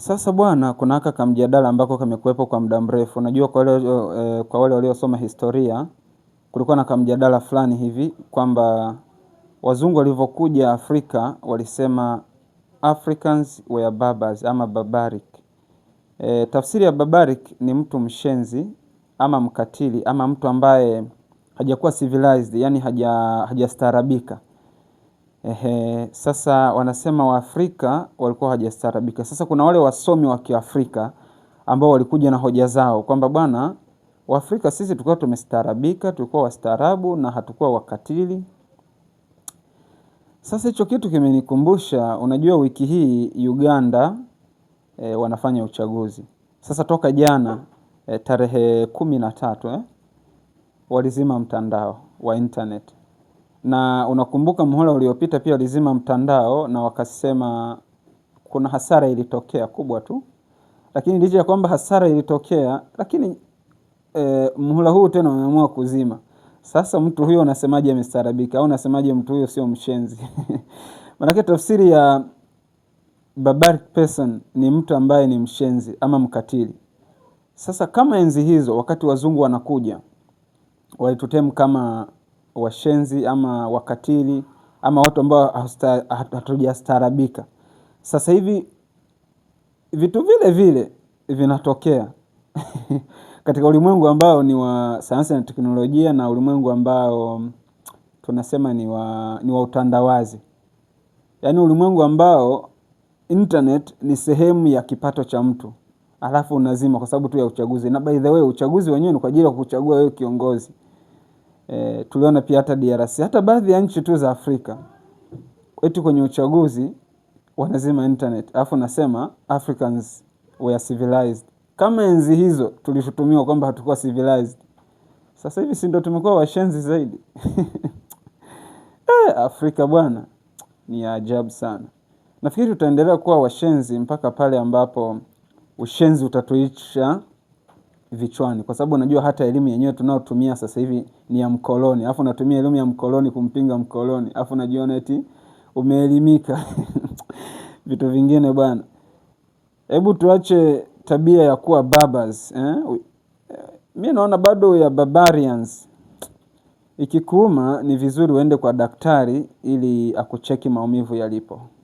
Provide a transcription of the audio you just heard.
Sasa bwana, kuna haka kamjadala ambako kamekuwepo kwa muda mrefu. Unajua kwa wale, eh, kwa wale waliosoma historia, kulikuwa na kamjadala fulani hivi kwamba wazungu walivyokuja Afrika walisema Africans were barbers ama barbaric. E, tafsiri ya barbaric ni mtu mshenzi ama mkatili ama mtu ambaye hajakuwa civilized, yani hajastaarabika. Ehe, sasa wanasema Waafrika walikuwa hawajastaarabika. Sasa kuna wale wasomi wa Kiafrika ambao walikuja na hoja zao kwamba bwana, Waafrika sisi tulikuwa tumestaarabika, tulikuwa wastaarabu na hatukuwa wakatili. Sasa hicho kitu kimenikumbusha, unajua wiki hii Uganda e, wanafanya uchaguzi sasa toka jana e, tarehe kumi na tatu eh, walizima mtandao wa internet na unakumbuka muhula uliopita pia walizima mtandao na wakasema kuna hasara ilitokea kubwa tu, lakini licha ya kwamba hasara ilitokea, lakini e, muhula huu tena wameamua kuzima. Sasa mtu huyo unasemaje amestaarabika, au unasemaje mtu huyo sio mshenzi? Manake tafsiri ya barbaric person ni mtu ambaye ni mshenzi ama mkatili. Sasa kama enzi hizo wakati wazungu wanakuja walitutem kama washenzi ama wakatili ama watu ambao hatujastaarabika. Sasa hivi vitu vile vile vinatokea katika ulimwengu ambao ni wa sayansi na teknolojia na ulimwengu ambao tunasema ni wa, ni wa utandawazi, yaani ulimwengu ambao internet ni sehemu ya kipato cha mtu alafu unazima kwa sababu tu ya uchaguzi. Na by the way, uchaguzi wenyewe ni kwa ajili ya kuchagua wewe kiongozi e, tuliona pia hata DRC hata baadhi ya nchi tu za Afrika eti kwenye uchaguzi wanazima internet, alafu nasema Africans were civilized. Kama enzi hizo tulishutumiwa kwamba hatukuwa civilized, sasa hivi si ndio tumekuwa washenzi zaidi? E, Afrika bwana ni ya ajabu sana. Nafikiri tutaendelea kuwa washenzi mpaka pale ambapo ushenzi utatuisha vichwani, kwa sababu unajua hata elimu yenyewe tunayotumia sasa hivi ni ya mkoloni, alafu unatumia elimu ya mkoloni kumpinga mkoloni, alafu unajiona eti umeelimika vitu vingine bwana. Hebu tuache tabia ya kuwa babas eh? eh? Mi naona bado ya barbarians. Ikikuuma ni vizuri uende kwa daktari ili akucheki maumivu yalipo.